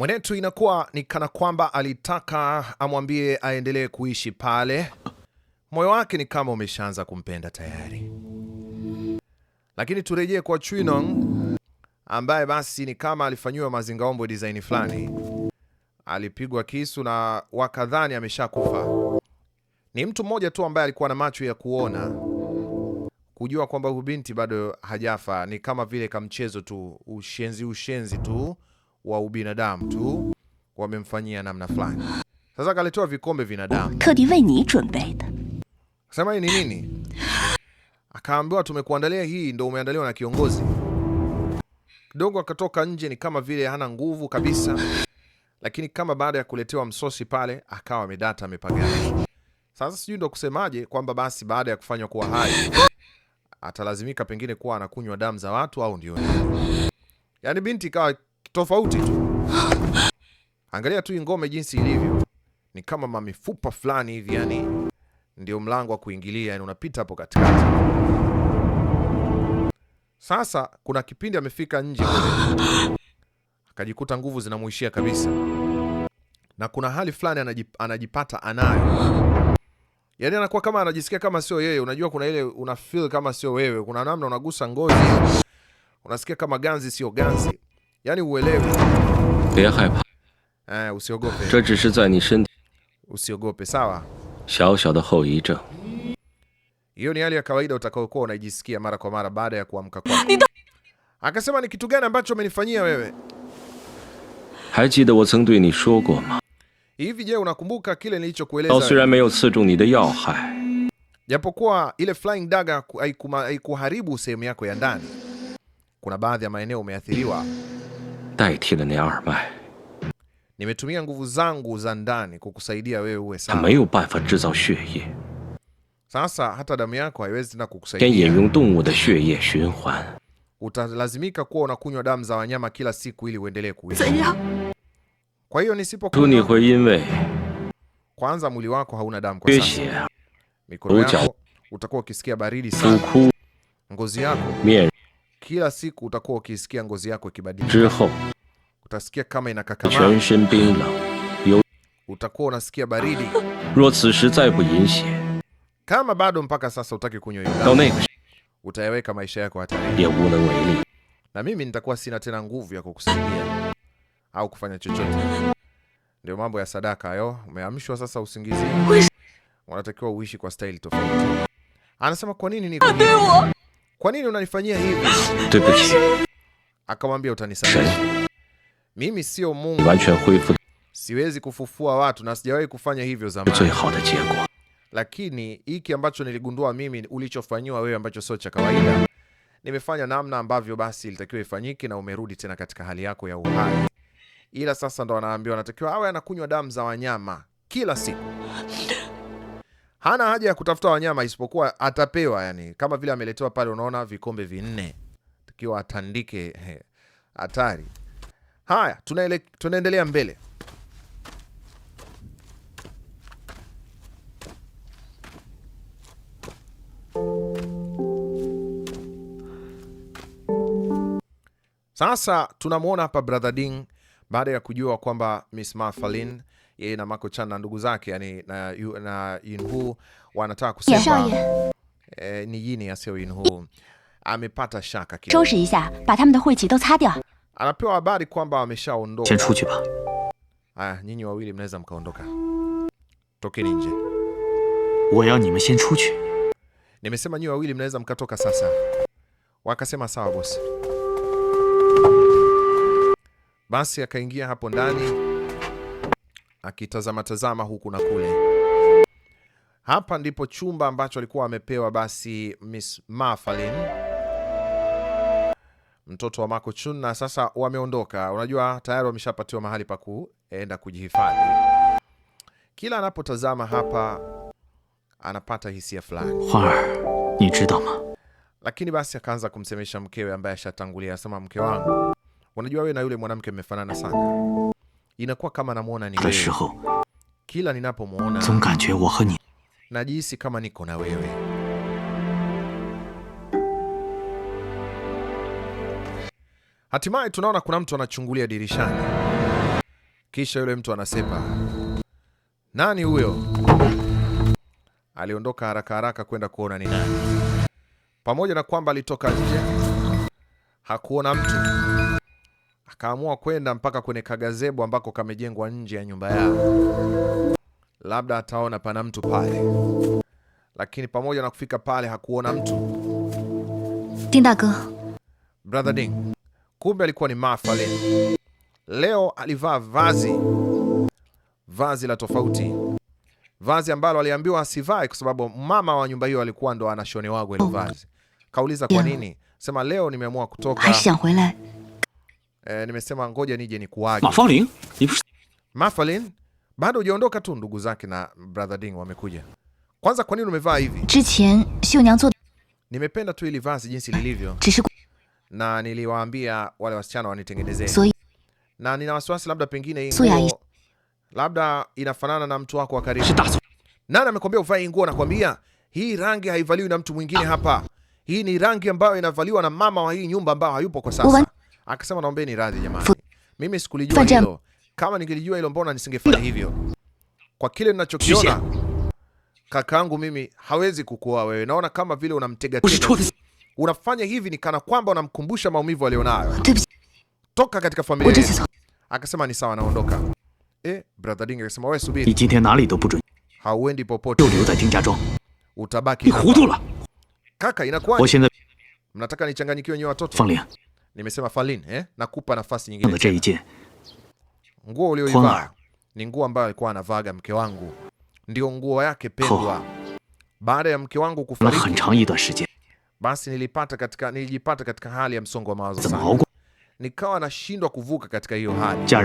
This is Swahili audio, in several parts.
Mwenetu inakuwa ni kana kwamba alitaka amwambie aendelee kuishi pale, moyo wake ni kama umeshaanza kumpenda tayari. Lakini turejee kwa Chwinong ambaye basi ni kama alifanyiwa mazingaombo design fulani, alipigwa kisu na wakadhani ameshakufa. Ni mtu mmoja tu ambaye alikuwa na macho ya kuona kujua kwamba huyu binti bado hajafa, ni kama vile kamchezo tu, ushenzi ushenzi tu wa ubinadamu tu wamemfanyia namna fulani. Sasa kaletewa vikombe vinadamu. Sema hii ni nini? Akaambiwa tumekuandalia hii, ndo umeandaliwa na kiongozi. Kidogo akatoka nje, ni kama vile hana nguvu kabisa, lakini kama baada ya kuletewa msosi pale akawa amedata, amepagana. Sasa sijui ndo kusemaje kwamba basi baada ya kufanywa kuwa hai atalazimika pengine kuwa anakunywa damu za watu au ndio. Yaani binti ikawa tofauti tu. Angalia tu ngome jinsi ilivyo, ni kama mamifupa fulani hivi, yani ndio mlango wa kuingilia, yani unapita hapo katikati. Sasa kuna kipindi amefika nje akajikuta nguvu zinamuishia kabisa, na kuna hali fulani anajipata anayo yani anakuwa kama anajisikia kama sio yeye. Unajua, kuna ile una feel kama sio wewe, kuna namna unagusa ngozi, unasikia kama ganzi sio ganzi. Yani uelewe. Eh, usiogope. Usiogope, sawa? Hiyo ni hali ya kawaida utakayokuwa unajisikia mara kwa mara baada ya kuamka kwako. Akasema, ni kitu gani ambacho umenifanyia wewe? Hivi je, unakumbuka kile nilichokueleza? Japokuwa ile flying dagger haikuharibu sehemu yako ya ndani, kuna baadhi ya maeneo umeathiriwa 代替了那二脉。nimetumia nguvu zangu za ndani kukusaidia wewe uwe hata damu yako haiwezi tena kuwa unakunywa damu za wanyama kila siku ili uendelee kuishi. Kwa hiyo kwanza mwili wako hauna damu kwa sasa. Mikono yako utakuwa ukisikia baridi sana. Ngozi yako kila siku utakuwa ukisikia ngozi yako ikibadilika, utasikia kama inakakama, utakuwa unasikia baridi. Kama bado mpaka sasa utaki kunywa hiyo, utayaweka maisha yako hatarini, na mimi nitakuwa sina tena nguvu ya kukusaidia au kufanya chochote. Ndio mambo ya sadaka hayo. Umeamshwa sasa usingizi, wanatakiwa uishi kwa staili tofauti. Anasema kwa nini niko kwa nini unanifanyia hivi? Akamwambia, utanisamehe. Mimi sio Mungu, siwezi kufufua watu na sijawahi kufanya hivyo zamani, lakini hiki ambacho niligundua mimi ulichofanyiwa wewe ambacho sio cha kawaida, nimefanya namna ambavyo basi ilitakiwa ifanyike, na umerudi tena katika hali yako ya uhai. Ila sasa ndo anaambiwa anatakiwa awe anakunywa damu za wanyama kila siku hana haja ya kutafuta wanyama isipokuwa atapewa, yani kama vile ameletewa pale, unaona vikombe vinne tukiwa atandike hatari. Haya, tunaele, tunaendelea mbele. Sasa tunamwona hapa brother Ding baada ya kujua kwamba Miss Mafalin yeye na Mako Chan na ndugu zake yani na, na Yinhu wanataka kusema e, ni Yini asio Yinhu amepata shaka kidogo. Anapewa habari kwamba wameshaondoka. Aya, nyinyi wawili mnaweza mkaondoka. Tokeni nje. Nimesema nyinyi wawili mnaweza mkatoka sasa. Wakasema sawa bosi. Basi akaingia hapo ndani akitazama tazama huku na kule. Hapa ndipo chumba ambacho alikuwa amepewa basi Miss Mafalin, mtoto wa Mako Chun, na sasa wameondoka. Unajua tayari wameshapatiwa mahali pa kuenda kujihifadhi. Kila anapotazama hapa anapata hisia fulani lakini basi akaanza kumsemesha mkewe ambaye ashatangulia, anasema mke wangu, unajua wewe na yule mwanamke mmefanana sana, inakuwa kama namuona ni wewe. Kila ninapomuona najihisi kama niko na wewe. Hatimaye tunaona kuna mtu anachungulia dirishani, kisha yule mtu anasema, nani huyo? Aliondoka haraka haraka kwenda kuona ni nani. Pamoja na kwamba alitoka nje, hakuona mtu. Kaamua kwenda mpaka kwenye kagazebo ambako kamejengwa nje ya nyumba yao, labda ataona pana mtu pale, lakini pamoja na kufika pale hakuona mtu. Brother Ding, kumbe alikuwa ni Martha leo. Leo alivaa vazi vazi la tofauti, vazi ambalo aliambiwa asivae kwa sababu mama wa nyumba hiyo alikuwa ndo anashonewago ile oh. vazi. Kauliza kwa nini, sema leo nimeamua kutoka E, nimesema ngoja nije nikuage. Mafalin? Mafalin bado hujaondoka tu, ndugu zake na brother Ding wamekuja. Kwanza kwa nini umevaa hivi? Nimependa tu ili vazi jinsi lilivyo. Na niliwaambia wale wasichana wanitengenezee. Na nina wasiwasi labda pengine hii nguo labda inafanana na mtu wako wa karibu. Nani amekwambia uvae nguo? Nakwambia hii rangi haivaliwi na mtu mwingine hapa. Hii ni rangi ambayo inavaliwa na mama wa hii nyumba ambayo hayupo kwa sasa. Akasema naombeni radhi jamani, mimi sikulijua hilo. Kama ningelijua hilo, mbona nisingefanya hivyo? Kwa kile ninachokiona, kakaangu mimi hawezi kukuoa wewe. Naona kama vile unamtega tega, unafanya hivi ni kana kwamba unamkumbusha maumivu alionayo. Toka katika familia. Akasema ni sawa, naondoka. Eh, brother Ding akasema wewe subiri, hauendi popote, utabaki. Kaka, inakuwa mnataka nichanganyikiwe nyote watoto Nimesema Falin, eh? Nakupa nafasi nyingine tena. Nguo uliyoivaa ni nguo ambayo alikuwa anavaga mke wangu, ndio nguo yake pendwa. Baada ya mke wangu kufariki, basi nilipata katika, nilijipata katika hali ya msongo wa mawazo sana, nikawa nashindwa kuvuka katika hiyo hali.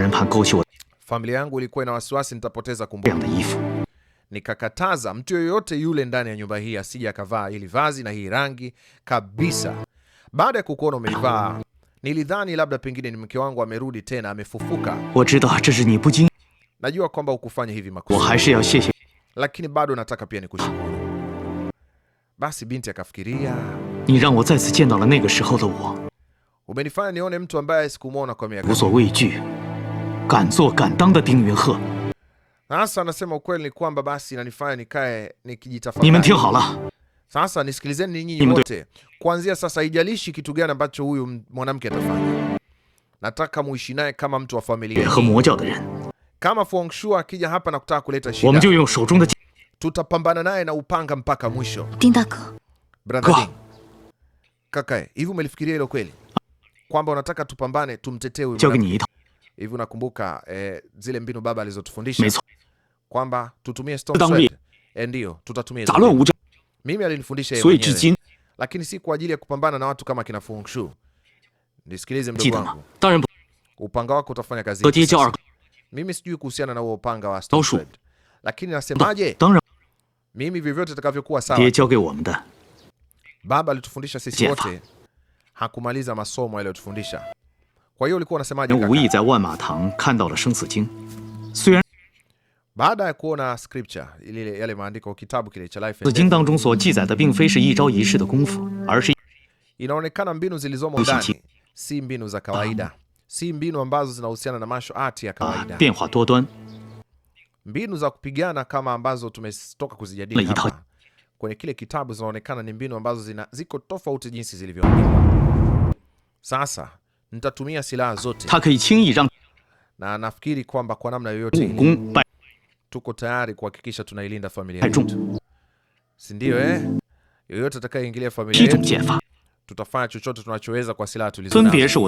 Familia yangu ilikuwa ina wasiwasi nitapoteza kumbukumbu. Nikakataza mtu yoyote yule ndani ya nyumba hii asije akavaa hili vazi na hii rangi kabisa. Baada ya kukuona umeivaa Nilidhani labda pengine ni mke wangu amerudi tena, amefufuka. Najua kwamba hukufanya hivi makusudi, lakini bado nataka pia nikushukuru. Basi binti akafikiria, umenifanya nione mtu ambaye sikumwona kwa miaka sasa. Anasema ukweli ni kwamba basi inanifanya nikae nikijitafakari. Sasa nisikilizeni nyinyi wote kuanzia sasa, ijalishi kitu gani ambacho huyu mwanamke atafanya, nataka muishi naye kama mtu wa familia. Kama Fu Hongxue akija hapa na kutaka kuleta shida, tutapambana naye na upanga mpaka mwisho. kaka, hivi umelifikiria hilo kweli, kwamba unataka tupambane tumtetee huyu mwanamke? Hivi unakumbuka eh, zile mbinu baba alizotufundisha kwamba tutumie stone sword? Eh, ndio, tutatumia mimi alinifundisha yeye mwenyewe, lakini si kwa ajili ya kupambana na watu kama kina Feng Shui. Nisikilize mdogo wangu, upanga wako utafanya kazi. Mimi sijui kuhusiana na huo upanga wa Stone lakini nasemaje, mimi vyovyote itakavyokuwa sawa. Baba alitufundisha sisi wote, hakumaliza masomo aliyotufundisha. Kwa hiyo ulikuwa unasemaje kaka? baada ya kuona scripture ile yale maandiko kitabu kile cha life inaonekana mbinu zilizomo ndani si mbinu za kawaida, si mbinu ambazo zinahusiana na martial art ya kawaida, mbinu za kupigana kama ambazo tumetoka kuzijadili hapa kwenye kile kitabu. Zinaonekana ni mbinu ambazo zina, ziko tofauti jinsi zilivyoandikwa. Sasa nitatumia silaha zote na nafikiri kwamba kwa namna yoyote tuko tayari kuhakikisha tunailinda familia yetu, si ndio? Eh, yoyote atakayeingilia familia yetu tutafanya chochote tunachoweza kwa silaha tulizo nazo.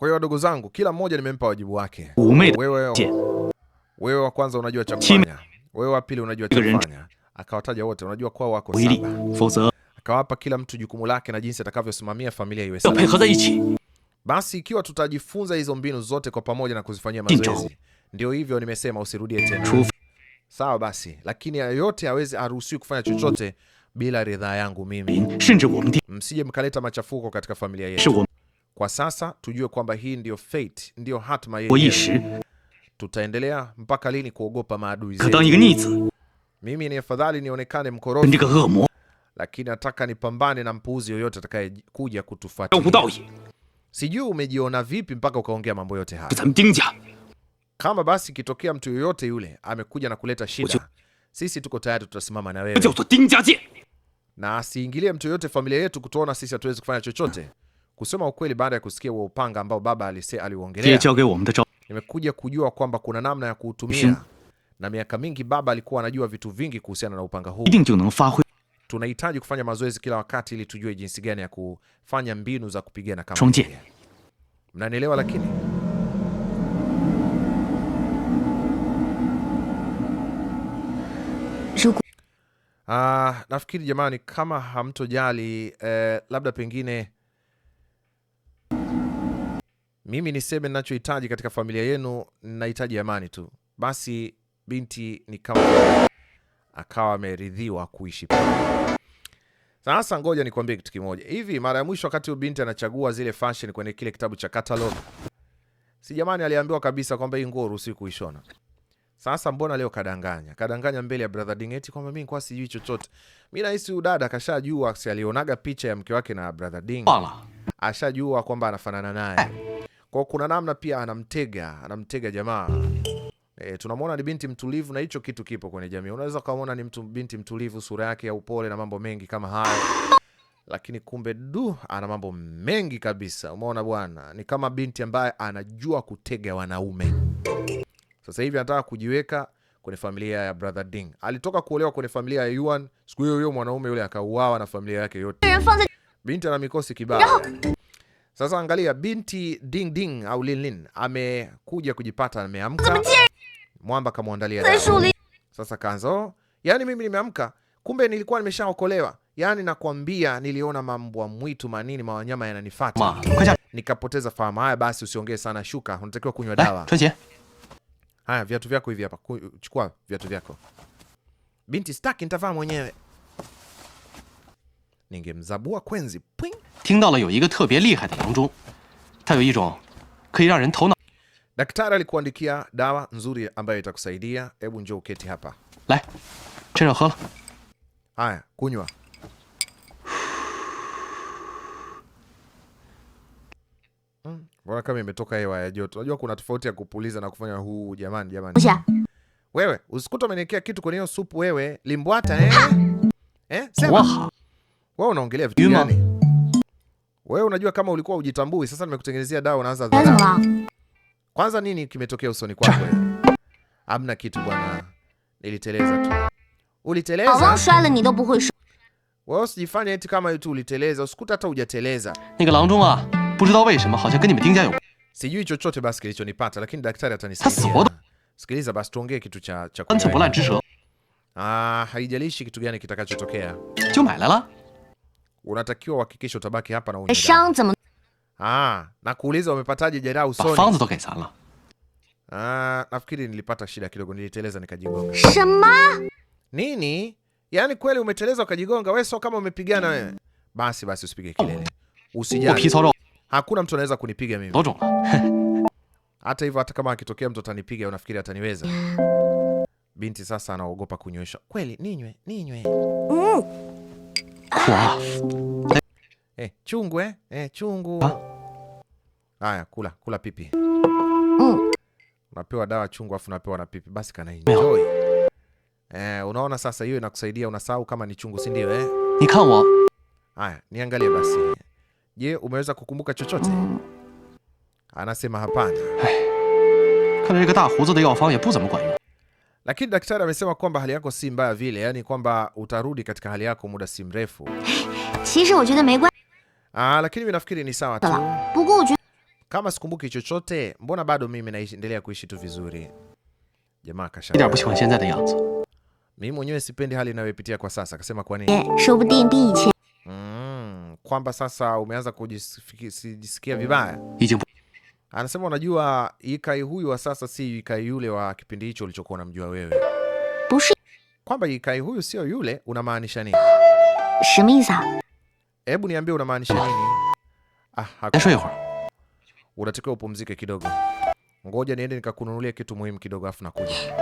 Kwa hiyo wadogo zangu, kila mmoja nimempa wajibu wake. Wewe wewe wa kwanza unajua cha kufanya, wewe wa pili unajua cha kufanya. Akawataja wote, unajua kwao wako saba. Akawapa kila mtu jukumu lake na jinsi atakavyosimamia familia iwe salama. Basi ikiwa tutajifunza hizo mbinu zote kwa pamoja na kuzifanyia mazoezi, ndio hivyo nimesema, usirudie tena. Sawa basi, lakini yote hawezi aruhusiwi kufanya chochote bila ridhaa yangu mimi. Msije mkaleta machafuko katika familia yetu. Kwa sasa tujue kwamba hii ndio fate, ndio hatma yetu. Tutaendelea mpaka lini kuogopa maadui zetu? Mimi ni afadhali nionekane mkorofi, lakini nataka nipambane na mpuuzi yoyote atakayekuja kutufuata. Sijui umejiona vipi mpaka ukaongea mambo yote haya. Kama basi kitokea mtu yoyote yule amekuja na kuleta shida, sisi tuko tayari, tutasimama na wewe, na asiingilie mtu yoyote familia yetu, kutuona sisi hatuwezi kufanya chochote. Kusema ukweli, baada ya kusikia huo upanga ambao baba aliuongelea, nimekuja kujua kwamba kuna namna ya kuutumia, na miaka mingi baba alikuwa anajua vitu vingi kuhusiana na upanga huu tunahitaji kufanya mazoezi kila wakati ili tujue jinsi gani ya kufanya mbinu za kupigana kama. Mnanielewa lakini? Ah, nafikiri jamani, kama hamtojali eh, labda pengine mimi niseme ninachohitaji katika familia yenu, ninahitaji amani tu. Basi binti ni kama akawa ameridhiwa kuishi Sasa ngoja nikwambie kitu kimoja hivi. Mara ya mwisho wakati binti anachagua zile fashion kwenye kile kitabu cha catalog, si jamani, aliambiwa kabisa kwamba hii nguo ruhusi kuishona. Sasa mbona leo kadanganya? Kadanganya mbele ya brother Dingeti kwamba mimi kwa sijui chochote. Mimi nahisi huyu dada kashajua, si alionaga picha ya mke wake na brother Ding, ashajua kwamba anafanana naye, kwa kuna namna pia anamtega, anamtega jamaa E, tunamwona ni binti mtulivu na hicho kitu kipo kwenye jamii. Unaweza ukamwona ni mtu binti mtulivu, sura yake ya upole na mambo mengi kama hayo, lakini kumbe du, ana mambo mengi kabisa. Umeona bwana, ni kama binti ambaye anajua kutega wanaume. Sasa hivi anataka kujiweka kwenye familia ya brother Ding. Alitoka kuolewa kwenye familia ya Yuan, siku hiyo hiyo mwanaume yule akauawa na familia yake yote. Binti ana mikosi kibao. Sasa angalia, binti Ding Ding au Linlin amekuja kujipata, ameamka, mwamba kamwandalia dawa. Sasa kanzo, yani mimi nimeamka, kumbe nilikuwa nimeshaokolewa. Yani nakwambia, niliona mambwa mwitu manini mawanyama yananifuata nikapoteza fahamu. Haya basi, usiongee sana, shuka, unatakiwa kunywa eh, dawa. Haya, viatu vyako hivi hapa, chukua viatu vyako binti. Staki, nitavaa mwenyewe ningemzabua kwenzi. Pwing! 听到了有一个特别厉害的郎中，他有一种可以让人头脑 alikuandikia dawa nzuri ambayo itakusaidia. Hebu njoo uketi hapa. kunywa. Hmm, mbona kama imetoka hewa ya joto? Unajua kuna tofauti ya kupuliza na kufanya huu. Jamani, jamani. Wewe umeniwekea kitu kwenye hiyo supu wewe, limbwata eh? Eh, sema. Wewe unaongelea vitu gani? Wewe unajua kama ulikuwa ujitambui, sasa nimekutengenezea dawa unaanza dhana. Kwanza nini kimetokea usoni kwako? Hamna kitu bwana. Niliteleza tu. Uliteleza? Wewe usijifanye eti kama yote uliteleza, usikuta hata hujateleza. Sijui chochote basi kilichonipata, lakini daktari atanisaidia. Sikiliza basi tuongee kitu cha cha. Ah, haijalishi kitu gani kitakachotokea unatakiwa uhakikishe utabaki hapa na unyama. Ah, na kuuliza umepataje jeraha usoni? Ah, nafikiri nilipata shida kidogo, niliteleza nikajigonga. Shama? Nini? Yaani kweli umeteleza ukajigonga? Wewe sio kama umepigana wewe. Basi basi usipige kelele. Usijali. Hakuna mtu anaweza kunipiga mimi. Hata hivyo hata kama akitokea mtu atanipiga unafikiri ataniweza? Binti sasa anaogopa kunywesha. Kweli ninywe, ninywe. Mm. Eh, chungu eh? Eh, chungu. Haya, kula, kula pipi. Mm. Unapewa dawa chungu afu unapewa na pipi. Basi kana enjoy. Eh, unaona sasa hiyo inakusaidia unasahau kama ni chungu, si ndio eh? Nikawa. Haya, niangalie basi. Je, umeweza kukumbuka chochote? Mm. Anasema hapana lakini daktari amesema kwamba hali yako si mbaya vile, yani kwamba utarudi katika hali yako muda si mrefu. Ah, lakini mimi nafikiri ni sawa tu, kama sikumbuki chochote, mbona bado mimi naendelea kuishi tu vizuri. Jamaa kasha mimi mwenyewe sipendi hali inayopitia kwa sasa. Akasema kwa nini? Eh, mm, kwamba sasa umeanza kujisikia vibaya Anasema unajua, Ikai huyu wa sasa si Ikai yule wa kipindi hicho ulichokuwa unamjua wewe. Kwamba Ikai huyu sio yule, unamaanisha nini? Hebu niambie unamaanisha nini? Ah, unatakiwa upumzike kidogo. Ngoja niende nikakununulia kitu muhimu kidogo, afu nakuja.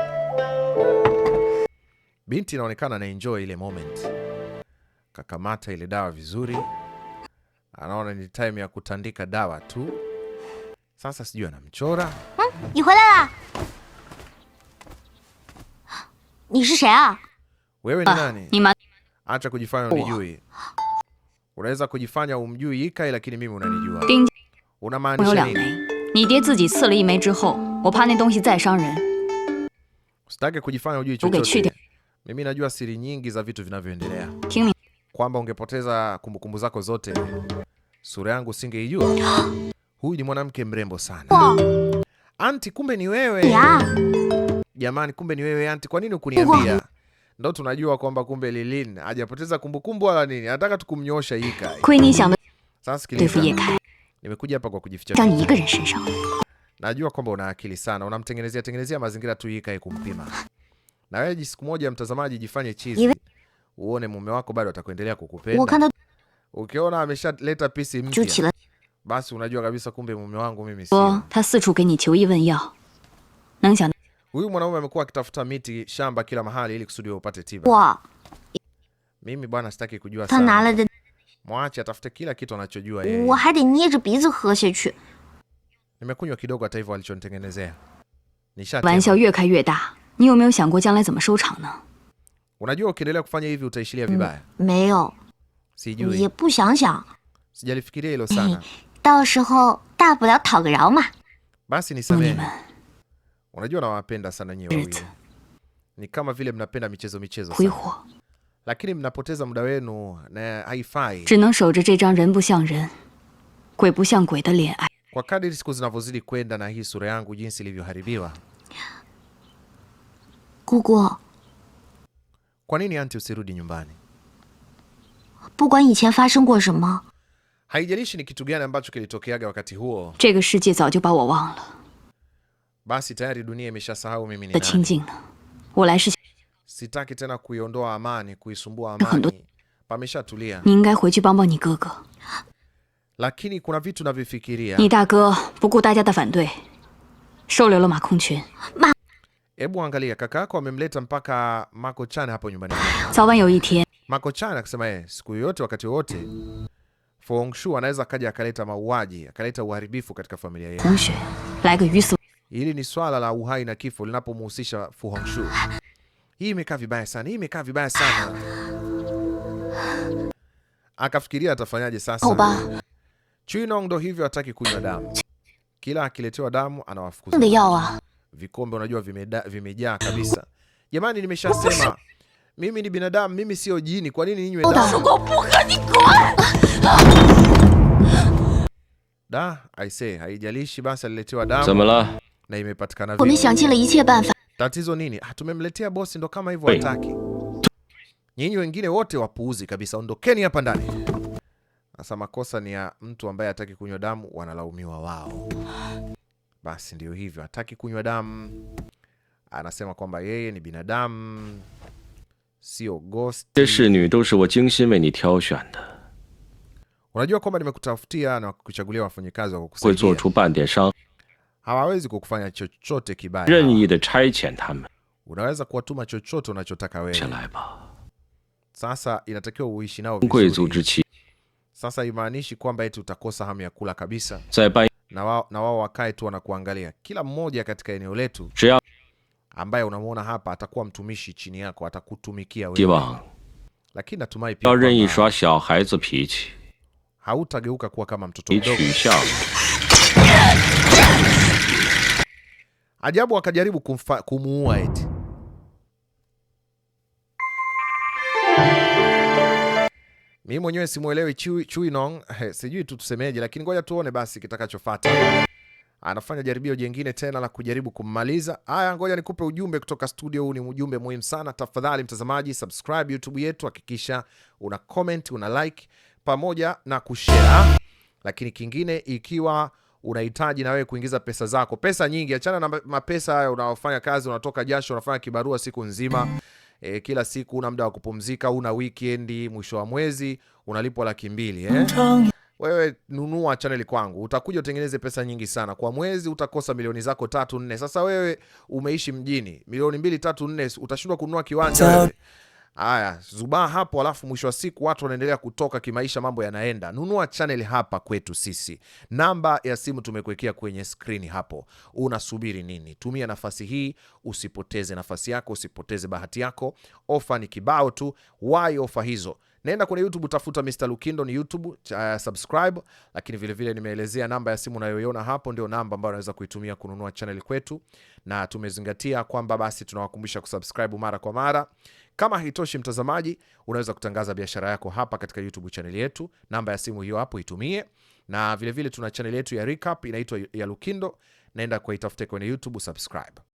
Binti inaonekana na enjoy ile moment, kakamata ile dawa vizuri, anaona ni time ya kutandika dawa tu. Sasa sijui anamchora. Hmm, ni huelala. Ni shi ah? Wewe ni ah, nani? Ni ma... Acha kujifanya unijui. Unaweza kujifanya umjui Ikai lakini mimi unanijua. Unamaanisha nini? Ni die zi ziji sile yi mei hou, wo pa na dongxi zai shang ren. Usitake kujifanya unijui chochote. Mimi najua siri nyingi za vitu vinavyoendelea. Kwamba ungepoteza kumbukumbu zako zote. Sura yangu singeijua. Huyu ni mwanamke mrembo sana. Anti, kumbe ni wewe yeah. Jamani, kumbe ni wewe anti, kwa nini ukuniambia? Ndo tunajua kwamba kumbe Lilin hajapoteza kumbukumbu wala nini, anataka tukumnyosha hika. nimekuja hapa kwa kujificha. Najua kwamba una akili sana, unamtengenezea tengenezea mazingira tu hika kumpima. Na wewe siku moja, mtazamaji, jifanye chizi, uone mume wako bado atakuendelea kukupenda. Ukiona ameshaleta pisi mpya basi unajua kabisa kumbe mume wangu mimi si. Huyu mwanaume amekuwa akitafuta miti shamba kila mahali ili kusudi upate tiba. Mimi bwana sitaki kujua sana. Mwache atafute kila kitu anachojua yeye. Nimekunywa kidogo hata hivyo alichonitengenezea. Unajua ukiendelea kufanya hivi utaishilia vibaya. Sijui. Sijalifikiria hilo sana. 到时候大不了讨个饶嘛。Basi ni samehe. Unajua nawapenda sana nyewe wawili. Ni kama vile mnapenda michezo michezo sana. Lakini mnapoteza muda wenu na haifai. Kwa kadiri siku zinavyozidi kwenda na hii sura yangu jinsi ilivyoharibiwa. Kwa nini anti usirudi nyumbani? haijalishi ni kitu gani ambacho kilitokeaga wakati huo. Basi tayari dunia imeshasahau mimi ni nani. Sitaki tena kuiondoa amani, kuisumbua amani. Pameshatulia. Lakini kuna vitu navifikiria. Hebu angalia kaka yako amemleta mpaka Mako Chan hapo nyumbani. Mako Chan akasema, eh, siku yoyote wakati wowote Fu Hongxue anaweza akaja akaleta mauaji, akaleta uharibifu katika familia yake. Hili ni swala la uhai na kifo linapomhusisha Fu Hongxue. Hii imekaa vibaya sana, hii imekaa vibaya sana. Akafikiria atafanyaje sasa. Chinong ndo hivyo, hataki kunywa damu. Kila akiletewa damu anawafukuza. Vikombe unajua vimejaa kabisa. Jamani, nimeshasema mimi ni binadamu, mimi sio jini. Kwa nini ninywe damu? Da, I say, haijalishi basi aliletewa damu Samala. na imepatikana vipi? banfa. Tatizo nini? Ah, tumemletea bosi ndo kama hivyo hataki. Nyinyi wengine wote wapuuzi kabisa, ondokeni hapa ndani. Sasa makosa ni ya mtu ambaye hataki kunywa damu, wanalaumiwa wao. Basi ndio hivyo, hataki kunywa damu, anasema kwamba yeye ni binadamu, sio ghost. Unajua kwamba nimekutafutia na kuchagulia wafanyakazi wa kukusaidia, hawawezi kukufanya chochote kibaya. Unaweza kuwatuma chochote unachotaka wewe. Sasa inatakiwa uishi nao vizuri. Sasa imaanishi kwamba eti utakosa hamu ya kula kabisa, na wao na wao wakae tu wanakuangalia. Kila mmoja katika eneo letu ambaye unamwona hapa atakuwa mtumishi chini yako, atakutumikia wewe, lakini natumai pia hautageuka kuwa kama mtoto mdogo. Ajabu, akajaribu kumuua eti. Mimi mwenyewe simuelewi Chui, Chui Nong, sijui tu tusemeje, lakini ngoja tuone basi kitakachofuata. Anafanya jaribio jingine tena la kujaribu kummaliza. Haya, ngoja nikupe ujumbe kutoka studio. Huu ni ujumbe muhimu sana. Tafadhali mtazamaji, subscribe YouTube yetu, hakikisha una comment, una like pamoja na kushare. Lakini kingine ikiwa unahitaji na wewe kuingiza pesa zako, pesa nyingi, achana na mapesa hayo unaofanya kazi, unatoka jasho, unafanya kibarua siku nzima E, kila siku una muda wa kupumzika, una weekend, mwisho wa mwezi unalipwa laki mbili eh? Wewe nunua channel kwangu, utakuja utengeneze pesa nyingi sana kwa mwezi, utakosa milioni zako tatu nne. Sasa wewe umeishi mjini, milioni mbili tatu nne utashindwa kununua kiwanja wewe. Haya, zubaa hapo, alafu mwisho wa siku watu wanaendelea kutoka kimaisha, mambo yanaenda. Nunua channel hapa kwetu sisi, namba ya simu tumekuwekea kwenye skrini hapo. Unasubiri nini? Tumia nafasi hii, usipoteze nafasi yako, usipoteze bahati yako. Ofa ni kibao tu, wai ofa hizo. Nenda kwenye YouTube tafuta Mr. Lukindo ni YouTube, uh, subscribe, lakini vile vile nimeelezea namba ya simu unayoiona hapo ndio namba ambayo unaweza kuitumia kununua channel kwetu, na tumezingatia kwamba basi tunawakumbusha kusubscribe mara kwa mara. Kama haitoshi, mtazamaji, unaweza kutangaza biashara yako hapa katika YouTube channel yetu. Namba ya simu hiyo hapo itumie, na vile vile tuna channel yetu ya recap inaitwa ya Lukindo, naenda kuitafuta kwenye YouTube subscribe.